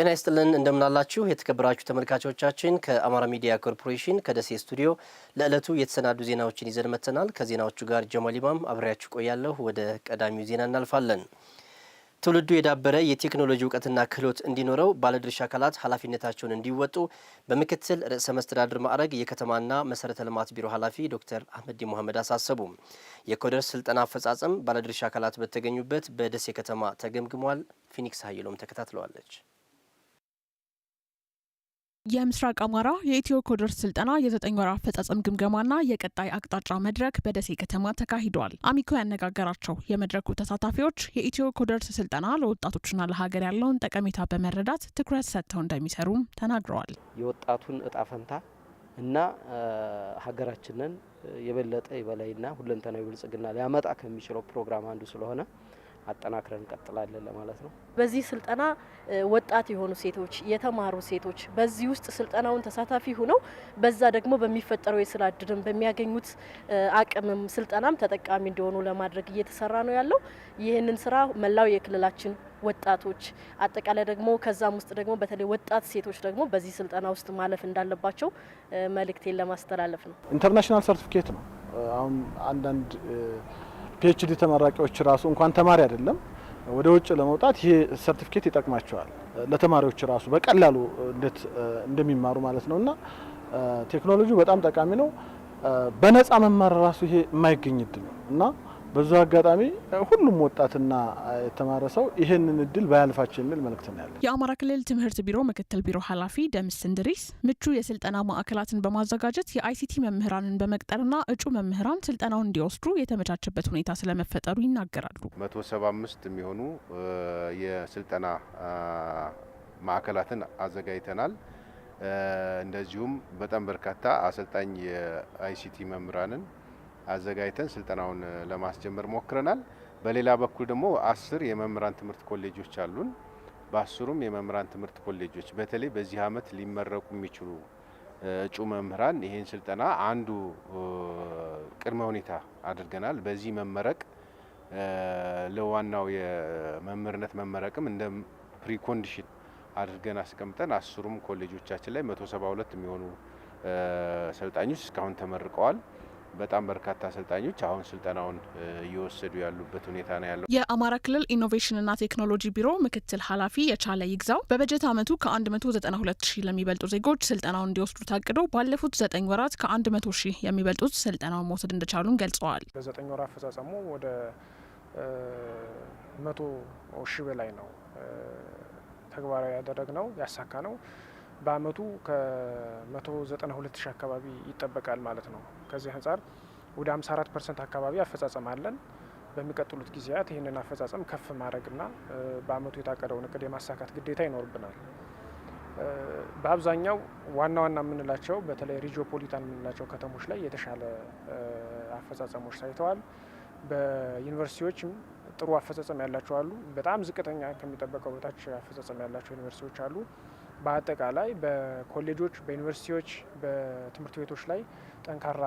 ጤና ይስጥልን እንደምናላችሁ የተከበራችሁ ተመልካቾቻችን፣ ከአማራ ሚዲያ ኮርፖሬሽን ከደሴ ስቱዲዮ ለዕለቱ የተሰናዱ ዜናዎችን ይዘን መጥተናል። ከዜናዎቹ ጋር ጀማል ኢማም አብሬያችሁ ቆያለሁ። ወደ ቀዳሚው ዜና እናልፋለን። ትውልዱ የዳበረ የቴክኖሎጂ እውቀትና ክህሎት እንዲኖረው ባለድርሻ አካላት ኃላፊነታቸውን እንዲወጡ በምክትል ርዕሰ መስተዳድር ማዕረግ የከተማና መሰረተ ልማት ቢሮ ኃላፊ ዶክተር አህመዲ ሙሐመድ አሳሰቡ። የኮደር ስልጠና አፈጻጸም ባለድርሻ አካላት በተገኙበት በደሴ ከተማ ተገምግሟል። ፊኒክስ ሀይሎም ተከታትለዋለች። የምስራቅ አማራ የኢትዮ ኮደር ስልጠና የዘጠኝ ወር አፈጻጸም ግምገማና የቀጣይ አቅጣጫ መድረክ በደሴ ከተማ ተካሂደዋል። አሚኮ ያነጋገራቸው የመድረኩ ተሳታፊዎች የኢትዮ ኮደርስ ስልጠና ለወጣቶችና ለሀገር ያለውን ጠቀሜታ በመረዳት ትኩረት ሰጥተው እንደሚሰሩም ተናግረዋል። የወጣቱን እጣ ፈንታ እና ሀገራችንን የበለጠ የበላይና ሁለንተናዊ ብልጽግና ሊያመጣ ከሚችለው ፕሮግራም አንዱ ስለሆነ አጠናክረን እንቀጥላለን ለማለት ነው። በዚህ ስልጠና ወጣት የሆኑ ሴቶች፣ የተማሩ ሴቶች በዚህ ውስጥ ስልጠናውን ተሳታፊ ሆነው በዛ ደግሞ በሚፈጠረው የስራ እድልም በሚያገኙት አቅምም ስልጠናም ተጠቃሚ እንዲሆኑ ለማድረግ እየተሰራ ነው ያለው። ይህንን ስራ መላው የክልላችን ወጣቶች አጠቃላይ ደግሞ ከዛም ውስጥ ደግሞ በተለይ ወጣት ሴቶች ደግሞ በዚህ ስልጠና ውስጥ ማለፍ እንዳለባቸው መልእክቴን ለማስተላለፍ ነው። ኢንተርናሽናል ሰርቲፊኬት ነው አሁን አንዳንድ ፒኤችዲ ተመራቂዎች ራሱ እንኳን ተማሪ አይደለም ወደ ውጭ ለመውጣት ይሄ ሰርቲፊኬት ይጠቅማቸዋል። ለተማሪዎች ራሱ በቀላሉ እንዴት እንደሚማሩ ማለት ነው። እና ቴክኖሎጂ በጣም ጠቃሚ ነው። በነፃ መማር ራሱ ይሄ የማይገኝ እድል ነው እና በዙ አጋጣሚ ሁሉም ወጣትና የተማረ ሰው ይህንን እድል ባያልፋቸው የሚል መልእክት ነው ያለ። የአማራ ክልል ትምህርት ቢሮ ምክትል ቢሮ ኃላፊ ደምስ እንድሪስ ምቹ የስልጠና ማዕከላትን በማዘጋጀት የአይሲቲ መምህራንን በመቅጠርና እጩ መምህራን ስልጠናውን እንዲወስዱ የተመቻቸበት ሁኔታ ስለመፈጠሩ ይናገራሉ። መቶ ሰባ አምስት የሚሆኑ የስልጠና ማዕከላትን አዘጋጅተናል። እንደዚሁም በጣም በርካታ አሰልጣኝ የአይሲቲ መምህራንን አዘጋጅተን ስልጠናውን ለማስጀመር ሞክረናል። በሌላ በኩል ደግሞ አስር የመምህራን ትምህርት ኮሌጆች አሉን። በአስሩም የመምህራን ትምህርት ኮሌጆች በተለይ በዚህ አመት ሊመረቁ የሚችሉ እጩ መምህራን ይህን ስልጠና አንዱ ቅድመ ሁኔታ አድርገናል። በዚህ መመረቅ ለዋናው የመምህርነት መመረቅም እንደ ፕሪኮንዲሽን አድርገን አስቀምጠን አስሩም ኮሌጆቻችን ላይ መቶ ሰባ ሁለት የሚሆኑ ሰልጣኞች እስካሁን ተመርቀዋል። በጣም በርካታ አሰልጣኞች አሁን ስልጠናውን እየወሰዱ ያሉበት ሁኔታ ነው ያለው። የአማራ ክልል ኢኖቬሽንና ቴክኖሎጂ ቢሮ ምክትል ኃላፊ የቻለ ይግዛው በበጀት ዓመቱ ከ192 ሺህ ለሚበልጡ ዜጎች ስልጠናውን እንዲወስዱ ታቅዶ ባለፉት ዘጠኝ ወራት ከ100 ሺህ የሚበልጡት ስልጠናውን መውሰድ እንደቻሉን ገልጸዋል። በዘጠኝ ወር አፈጻጸሙ ወደ መቶ ሺህ በላይ ነው ተግባራዊ ያደረግ ነው ያሳካ ነው። በአመቱ ከ192 ሺህ አካባቢ ይጠበቃል ማለት ነው። ከዚህ አንጻር ወደ 54 ፐርሰንት አካባቢ አፈጻጸም አለን። በሚቀጥሉት ጊዜያት ይህንን አፈጻጸም ከፍ ማድረግና በአመቱ የታቀደውን እቅድ የማሳካት ግዴታ ይኖርብናል። በአብዛኛው ዋና ዋና የምንላቸው በተለይ ሪጂፖሊታን የምንላቸው ከተሞች ላይ የተሻለ አፈጻጸሞች ታይተዋል። በዩኒቨርሲቲዎችም ጥሩ አፈጻጸም ያላቸው አሉ። በጣም ዝቅተኛ ከሚጠበቀው በታች አፈጻጸም ያላቸው ዩኒቨርሲቲዎች አሉ። በአጠቃላይ በኮሌጆች፣ በዩኒቨርሲቲዎች፣ በትምህርት ቤቶች ላይ ጠንካራ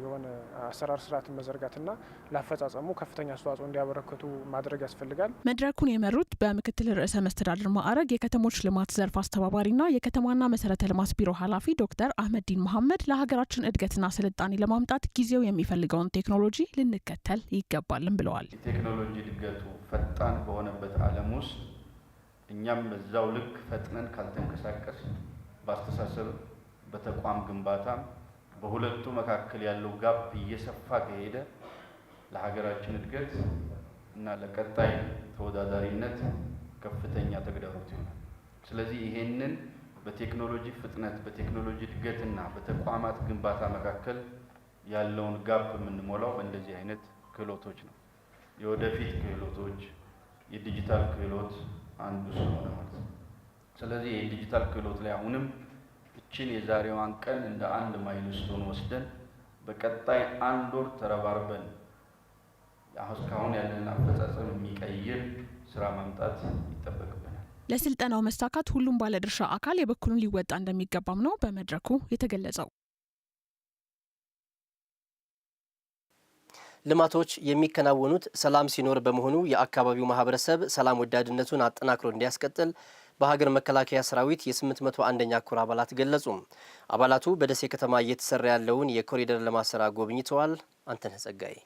የሆነ አሰራር ስርዓትን መዘርጋትና ለአፈጻጸሙ ከፍተኛ አስተዋጽኦ እንዲያበረክቱ ማድረግ ያስፈልጋል። መድረኩን የመሩት በምክትል ርዕሰ መስተዳድር ማዕረግ የከተሞች ልማት ዘርፍ አስተባባሪና የከተማና መሰረተ ልማት ቢሮ ኃላፊ ዶክተር አህመዲን መሐመድ ለሀገራችን እድገትና ስልጣኔ ለማምጣት ጊዜው የሚፈልገውን ቴክኖሎጂ ልንከተል ይገባልን ብለዋል። ቴክኖሎጂ እድገቱ ፈጣን በሆነበት ዓለም ውስጥ እኛም በዛው ልክ ፈጥነን ካልተንቀሳቀስ በአስተሳሰብ በተቋም ግንባታ በሁለቱ መካከል ያለው ጋፕ እየሰፋ ከሄደ ለሀገራችን እድገት እና ለቀጣይ ተወዳዳሪነት ከፍተኛ ተግዳሮት ይሆናል። ስለዚህ ይሄንን በቴክኖሎጂ ፍጥነት፣ በቴክኖሎጂ እድገት ና በተቋማት ግንባታ መካከል ያለውን ጋፕ የምንሞላው በእንደዚህ አይነት ክህሎቶች ነው። የወደፊት ክህሎቶች፣ የዲጂታል ክህሎት አንዱ እሱ ማለት ነው። ስለዚህ የዲጂታል ክህሎት ላይ አሁንም እችን የዛሬዋን ቀን እንደ አንድ ማይልስቶን ወስደን በቀጣይ አንድ ወር ተረባርበን እስካሁን ያለን አፈጻጸም የሚቀይር ስራ ማምጣት ይጠበቅብናል። ለስልጠናው መሳካት ሁሉም ባለድርሻ አካል የበኩሉን ሊወጣ እንደሚገባም ነው በመድረኩ የተገለጸው። ልማቶች የሚከናወኑት ሰላም ሲኖር በመሆኑ የአካባቢው ማህበረሰብ ሰላም ወዳድነቱን አጠናክሮ እንዲያስቀጥል በሀገር መከላከያ ሰራዊት የ801ኛ ኩር አባላት ገለጹ። አባላቱ በደሴ ከተማ እየተሰራ ያለውን የኮሪደር ልማት ስራ ጎብኝተዋል። አንተነህ ጸጋይ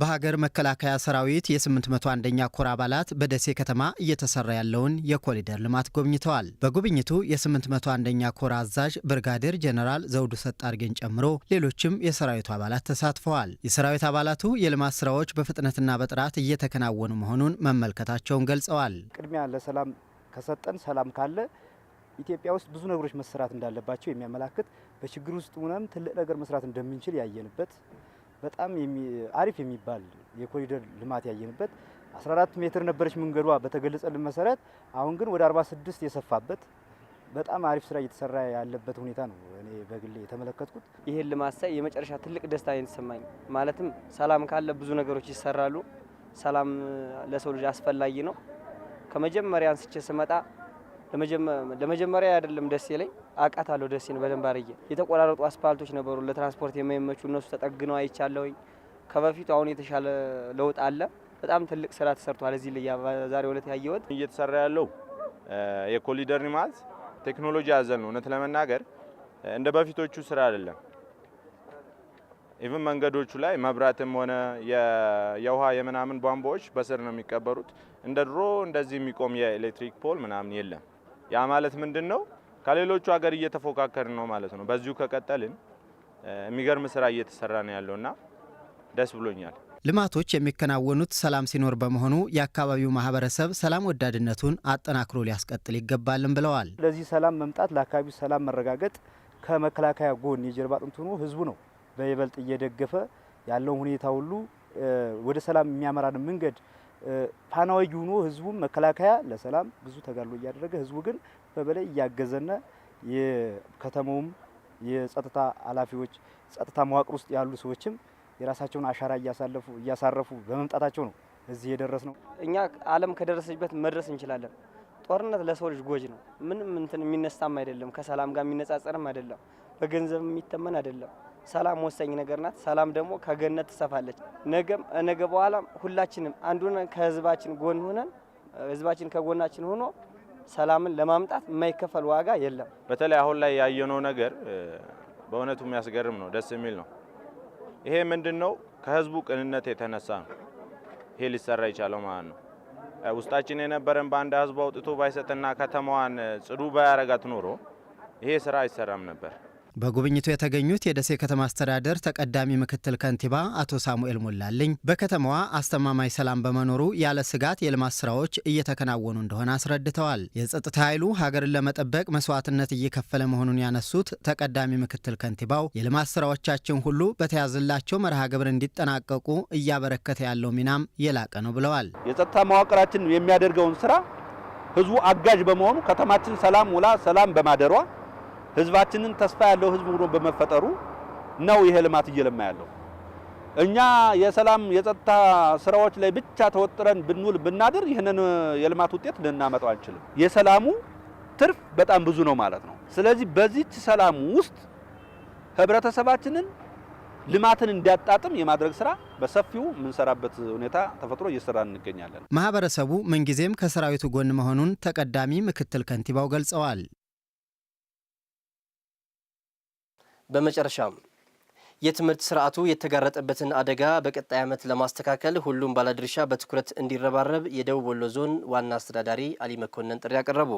በሀገር መከላከያ ሰራዊት የ801ኛ ኮር አባላት በደሴ ከተማ እየተሰራ ያለውን የኮሊደር ልማት ጎብኝተዋል። በጉብኝቱ የ801ኛ ኮር አዛዥ ብርጋዴር ጀነራል ዘውዱ ሰጣርጌን ጨምሮ ሌሎችም የሰራዊቱ አባላት ተሳትፈዋል። የሰራዊት አባላቱ የልማት ስራዎች በፍጥነትና በጥራት እየተከናወኑ መሆኑን መመልከታቸውን ገልጸዋል። ቅድሚያ ለሰላም ከሰጠን ሰላም ካለ ኢትዮጵያ ውስጥ ብዙ ነገሮች መሰራት እንዳለባቸው የሚያመላክት በችግር ውስጥ ሆነም ትልቅ ነገር መስራት እንደምንችል ያየንበት በጣም አሪፍ የሚባል የኮሪደር ልማት ያየንበት 14 ሜትር ነበረች መንገዷ በተገለጸልን መሰረት፣ አሁን ግን ወደ 46 የሰፋበት በጣም አሪፍ ስራ እየተሰራ ያለበት ሁኔታ ነው እኔ በግሌ የተመለከትኩት። ይሄን ልማት ሳይ የመጨረሻ ትልቅ ደስታ የተሰማኝ ማለትም ሰላም ካለ ብዙ ነገሮች ይሰራሉ። ሰላም ለሰው ልጅ አስፈላጊ ነው። ከመጀመሪያ አንስቼ ስመጣ ለመጀመሪያ አይደለም ደሴ ላይ አውቃታለሁ። ደሴን በደንብ አርጌ የተቆራረጡ አስፋልቶች ነበሩ ለትራንስፖርት የማይመቹ እነሱ ተጠግነው አይቻለሁኝ። ከበፊቱ አሁን የተሻለ ለውጥ አለ። በጣም ትልቅ ስራ ተሰርቷል። እዚህ ላይ ዛሬ ዕለት ያየሁት እየተሰራ ያለው የኮሊደር ልማት ቴክኖሎጂ አዘል ነው። እውነት ለመናገር እንደ በፊቶቹ ስራ አይደለም። ኢቭን መንገዶቹ ላይ መብራትም ሆነ የውሃ የምናምን ቧንቧዎች በስር ነው የሚቀበሩት። እንደ ድሮ እንደዚህ የሚቆም የኤሌክትሪክ ፖል ምናምን የለም። ያ ማለት ምንድን ነው? ከሌሎቹ ሀገር እየተፎካከርን ነው ማለት ነው። በዚሁ ከቀጠልን የሚገርም ስራ እየተሰራ ነው ያለውና ደስ ብሎኛል። ልማቶች የሚከናወኑት ሰላም ሲኖር በመሆኑ የአካባቢው ማህበረሰብ ሰላም ወዳድነቱን አጠናክሮ ሊያስቀጥል ይገባልን ብለዋል። ለዚህ ሰላም መምጣት ለአካባቢው ሰላም መረጋገጥ ከመከላከያ ጎን የጀርባ አጥንት ሆኖ ህዝቡ ነው በይበልጥ እየደገፈ ያለውን ሁኔታ ሁሉ ወደ ሰላም የሚያመራን መንገድ ፋናዊ ሆኖ ህዝቡም መከላከያ ለሰላም ብዙ ተጋድሎ እያደረገ ህዝቡ ግን በበላይ እያገዘና የከተማውም የጸጥታ ኃላፊዎች ጸጥታ መዋቅር ውስጥ ያሉ ሰዎችም የራሳቸውን አሻራ እያሳለፉ እያሳረፉ በመምጣታቸው ነው እዚህ የደረስ ነው። እኛ ዓለም ከደረሰችበት መድረስ እንችላለን። ጦርነት ለሰው ልጅ ጎጅ ነው። ምንም እንትን የሚነሳም አይደለም፣ ከሰላም ጋር የሚነጻጸርም አይደለም፣ በገንዘብ የሚተመን አይደለም። ሰላም ወሳኝ ነገር ናት። ሰላም ደግሞ ከገነት ትሰፋለች። ነገም ነገ በኋላም ሁላችንም አንዱን ከህዝባችን ጎን ሆነን ህዝባችን ከጎናችን ሆኖ ሰላምን ለማምጣት የማይከፈል ዋጋ የለም። በተለይ አሁን ላይ ያየነው ነገር በእውነቱ የሚያስገርም ነው፣ ደስ የሚል ነው። ይሄ ምንድን ነው? ከህዝቡ ቅንነት የተነሳ ነው ይሄ ሊሰራ የቻለው ማለት ነው። ውስጣችን የነበረን በአንድ ህዝቡ አውጥቶ ባይሰጥና ከተማዋን ጽዱ ባያረጋት ኖሮ ይሄ ስራ አይሰራም ነበር። በጉብኝቱ የተገኙት የደሴ ከተማ አስተዳደር ተቀዳሚ ምክትል ከንቲባ አቶ ሳሙኤል ሞላልኝ በከተማዋ አስተማማኝ ሰላም በመኖሩ ያለ ስጋት የልማት ስራዎች እየተከናወኑ እንደሆነ አስረድተዋል። የጸጥታ ኃይሉ ሀገርን ለመጠበቅ መስዋዕትነት እየከፈለ መሆኑን ያነሱት ተቀዳሚ ምክትል ከንቲባው የልማት ስራዎቻችን ሁሉ በተያዘላቸው መርሃ ግብር እንዲጠናቀቁ እያበረከተ ያለው ሚናም የላቀ ነው ብለዋል። የጸጥታ መዋቅራችን የሚያደርገውን ስራ ህዝቡ አጋዥ በመሆኑ ከተማችን ሰላም ውላ ሰላም በማደሯ ህዝባችንን ተስፋ ያለው ህዝብ ሆኖ በመፈጠሩ ነው ይሄ ልማት እየለማ ያለው። እኛ የሰላም የጸጥታ ስራዎች ላይ ብቻ ተወጥረን ብንውል ብናድር ይህንን የልማት ውጤት ልናመጣው አንችልም። የሰላሙ ትርፍ በጣም ብዙ ነው ማለት ነው። ስለዚህ በዚች ሰላም ውስጥ ህብረተሰባችንን ልማትን እንዲያጣጥም የማድረግ ስራ በሰፊው የምንሰራበት ሁኔታ ተፈጥሮ እየሰራን እንገኛለን። ማህበረሰቡ ምንጊዜም ከሰራዊቱ ጎን መሆኑን ተቀዳሚ ምክትል ከንቲባው ገልጸዋል። በመጨረሻም የትምህርት ስርዓቱ የተጋረጠበትን አደጋ በቀጣይ ዓመት ለማስተካከል ሁሉም ባለድርሻ በትኩረት እንዲረባረብ የደቡብ ወሎ ዞን ዋና አስተዳዳሪ አሊ መኮንን ጥሪ አቀረቡ።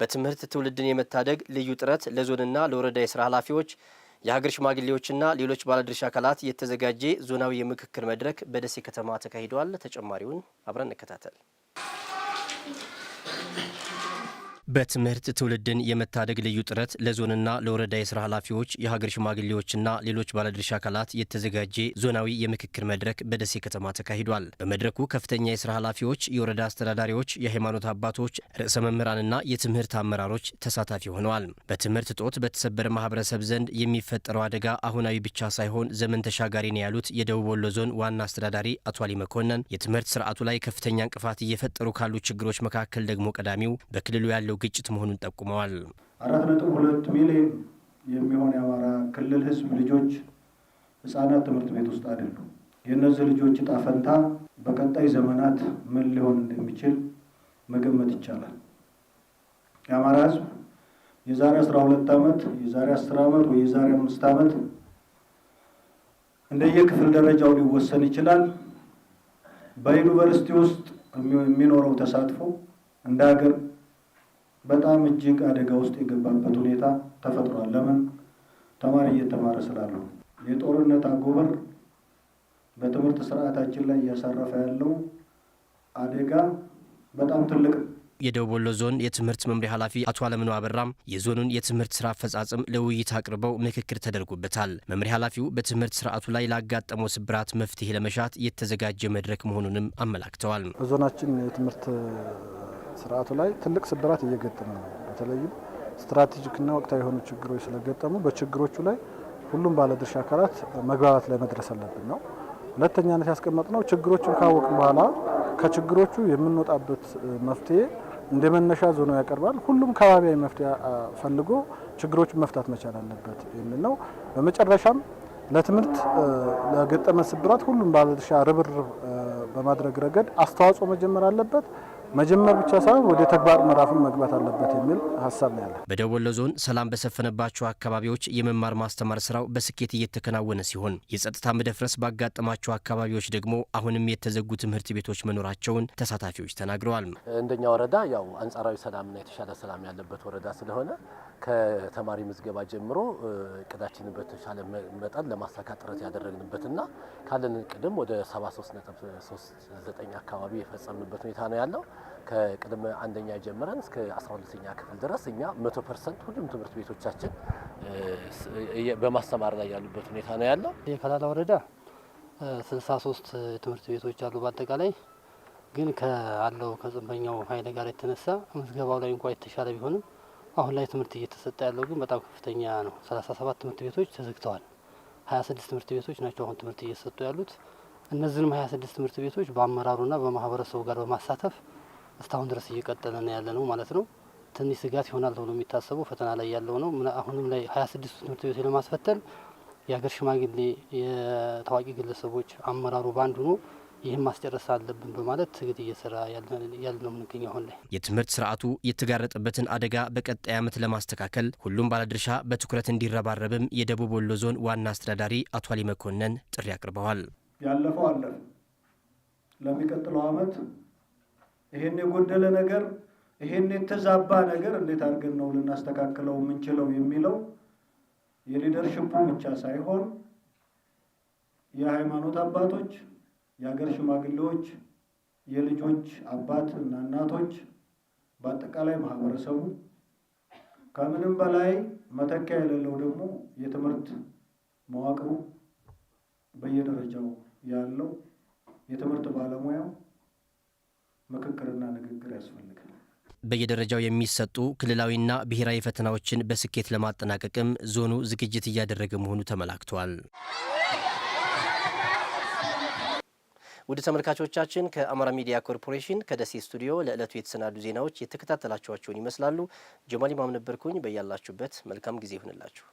በትምህርት ትውልድን የመታደግ ልዩ ጥረት ለዞንና ለወረዳ የስራ ኃላፊዎች፣ የሀገር ሽማግሌዎችና ሌሎች ባለድርሻ አካላት የተዘጋጀ ዞናዊ የምክክር መድረክ በደሴ ከተማ ተካሂደዋል። ተጨማሪውን አብረን እንከታተል። በትምህርት ትውልድን የመታደግ ልዩ ጥረት ለዞንና ለወረዳ የስራ ኃላፊዎች፣ የሀገር ሽማግሌዎችና ሌሎች ባለድርሻ አካላት የተዘጋጀ ዞናዊ የምክክር መድረክ በደሴ ከተማ ተካሂዷል። በመድረኩ ከፍተኛ የስራ ኃላፊዎች፣ የወረዳ አስተዳዳሪዎች፣ የሃይማኖት አባቶች፣ ርዕሰ መምህራንና የትምህርት አመራሮች ተሳታፊ ሆነዋል። በትምህርት እጦት በተሰበረ ማህበረሰብ ዘንድ የሚፈጠረው አደጋ አሁናዊ ብቻ ሳይሆን ዘመን ተሻጋሪ ነው ያሉት የደቡብ ወሎ ዞን ዋና አስተዳዳሪ አቶ አሊ መኮንን የትምህርት ስርዓቱ ላይ ከፍተኛ እንቅፋት እየፈጠሩ ካሉ ችግሮች መካከል ደግሞ ቀዳሚው በክልሉ ያለው ያለው ግጭት መሆኑን ጠቁመዋል። አራት ነጥብ ሁለት ሚሊዮን የሚሆን የአማራ ክልል ህዝብ ልጆች ህጻናት ትምህርት ቤት ውስጥ አይደሉ። የእነዚህ ልጆች እጣ ፈንታ በቀጣይ ዘመናት ምን ሊሆን እንደሚችል መገመት ይቻላል። የአማራ ህዝብ የዛሬ አስራ ሁለት ዓመት የዛሬ አስር ዓመት ወይ የዛሬ አምስት ዓመት እንደየክፍል ደረጃው ሊወሰን ይችላል። በዩኒቨርሲቲ ውስጥ የሚኖረው ተሳትፎ እንደ ሀገር በጣም እጅግ አደጋ ውስጥ የገባበት ሁኔታ ተፈጥሯል። ለምን? ተማሪ እየተማረ ስላለው። የጦርነት አጎበር በትምህርት ስርዓታችን ላይ እያሳረፈ ያለው አደጋ በጣም ትልቅ የደቡብ ወሎ ዞን የትምህርት መምሪያ ኃላፊ አቶ አለምኖ አበራም የዞኑን የትምህርት ስራ አፈጻጸም ለውይይት አቅርበው ምክክር ተደርጎበታል። መምሪያ ኃላፊው በትምህርት ስርዓቱ ላይ ላጋጠመው ስብራት መፍትሄ ለመሻት የተዘጋጀ መድረክ መሆኑንም አመላክተዋል። በዞናችን የትምህርት ስርዓቱ ላይ ትልቅ ስብራት እየገጠመ ነው። በተለይም ስትራቴጂክና ወቅታዊ የሆኑ ችግሮች ስለገጠሙ በችግሮቹ ላይ ሁሉም ባለድርሻ አካላት መግባባት ላይ መድረስ አለብን ነው። ሁለተኛነት ያስቀመጥነው ችግሮቹን ካወቅን በኋላ ከችግሮቹ የምንወጣበት መፍትሄ እንደ መነሻ ዞኖ ያቀርባል። ሁሉም ከባቢያዊ መፍትሄ ፈልጎ ችግሮች መፍታት መቻል አለበት የሚል ነው። በመጨረሻም ለትምህርት ለገጠመ ስብራት ሁሉም ባለድርሻ ርብርብ በማድረግ ረገድ አስተዋጽኦ መጀመር አለበት። መጀመር ብቻ ሳይሆን ወደ ተግባር ምዕራፍን መግባት አለበት የሚል ሀሳብ ነው ያለ። በደቡብ ወሎ ዞን ሰላም በሰፈነባቸው አካባቢዎች የመማር ማስተማር ስራው በስኬት እየተከናወነ ሲሆን የጸጥታ መደፍረስ ባጋጠማቸው አካባቢዎች ደግሞ አሁንም የተዘጉ ትምህርት ቤቶች መኖራቸውን ተሳታፊዎች ተናግረዋል። እንደኛ ወረዳ ያው አንጻራዊ ሰላምና የተሻለ ሰላም ያለበት ወረዳ ስለሆነ ከተማሪ ምዝገባ ጀምሮ እቅዳችንን በተሻለ መጠን ለማሳካት ጥረት ያደረግንበትና ካለን ቅድም ወደ 73.39 አካባቢ የፈጸምንበት ሁኔታ ነው ያለው። ከቅድመ አንደኛ ጀምረን እስከ 12ኛ ክፍል ድረስ እኛ 100 ፐርሰንት ሁሉም ትምህርት ቤቶቻችን በማስተማር ላይ ያሉበት ሁኔታ ነው ያለው። የከላላ ወረዳ 63 ትምህርት ቤቶች አሉ። በአጠቃላይ ግን ከአለው ከጽንፈኛው ኃይል ጋር የተነሳ ምዝገባው ላይ እንኳ የተሻለ ቢሆንም አሁን ላይ ትምህርት እየተሰጠ ያለው ግን በጣም ከፍተኛ ነው። ሰላሳ ሰባት ትምህርት ቤቶች ተዘግተዋል። 26 ስድስት ትምህርት ቤቶች ናቸው አሁን ትምህርት እየተሰጡ ያሉት። እነዚህንም 26 ስድስት ትምህርት ቤቶች በአመራሩና በማህበረሰቡ ጋር በማሳተፍ እስካሁን ድረስ እየቀጠለ ነው ያለ ነው ማለት ነው። ትንሽ ስጋት ይሆናል ተብሎ የሚታሰበው ፈተና ላይ ያለው ነው። አሁንም ላይ 26 ትምህርት ቤቶች ለማስፈተን የሀገር ሽማግሌ፣ የታዋቂ ግለሰቦች አመራሩ ባንድ ሆኖ ይህን ማስጨረስ አለብን በማለት እንግዲህ እየሰራ ነው የምንገኘው አሁን ላይ። የትምህርት ስርዓቱ የተጋረጠበትን አደጋ በቀጣይ ዓመት ለማስተካከል ሁሉም ባለድርሻ በትኩረት እንዲረባረብም የደቡብ ወሎ ዞን ዋና አስተዳዳሪ አቶ አሊ መኮንን ጥሪ አቅርበዋል። ያለፈው አለ ለሚቀጥለው ዓመት ይህን የጎደለ ነገር ይህን የተዛባ ነገር እንዴት አድርገን ነው ልናስተካክለው የምንችለው የሚለው የሊደርሽፑ ብቻ ሳይሆን የሃይማኖት አባቶች የአገር ሽማግሌዎች፣ የልጆች አባት እና እናቶች፣ በአጠቃላይ ማህበረሰቡ ከምንም በላይ መተኪያ የሌለው ደግሞ የትምህርት መዋቅሩ በየደረጃው ያለው የትምህርት ባለሙያው ምክክርና ንግግር ያስፈልጋል። በየደረጃው የሚሰጡ ክልላዊና ብሔራዊ ፈተናዎችን በስኬት ለማጠናቀቅም ዞኑ ዝግጅት እያደረገ መሆኑ ተመላክቷል። ውድ ተመልካቾቻችን ከአማራ ሚዲያ ኮርፖሬሽን ከደሴ ስቱዲዮ ለዕለቱ የተሰናዱ ዜናዎች የተከታተላችኋቸውን ይመስላሉ። ጀማሊ ማም ነበርኩኝ። በያላችሁበት መልካም ጊዜ ይሁንላችሁ።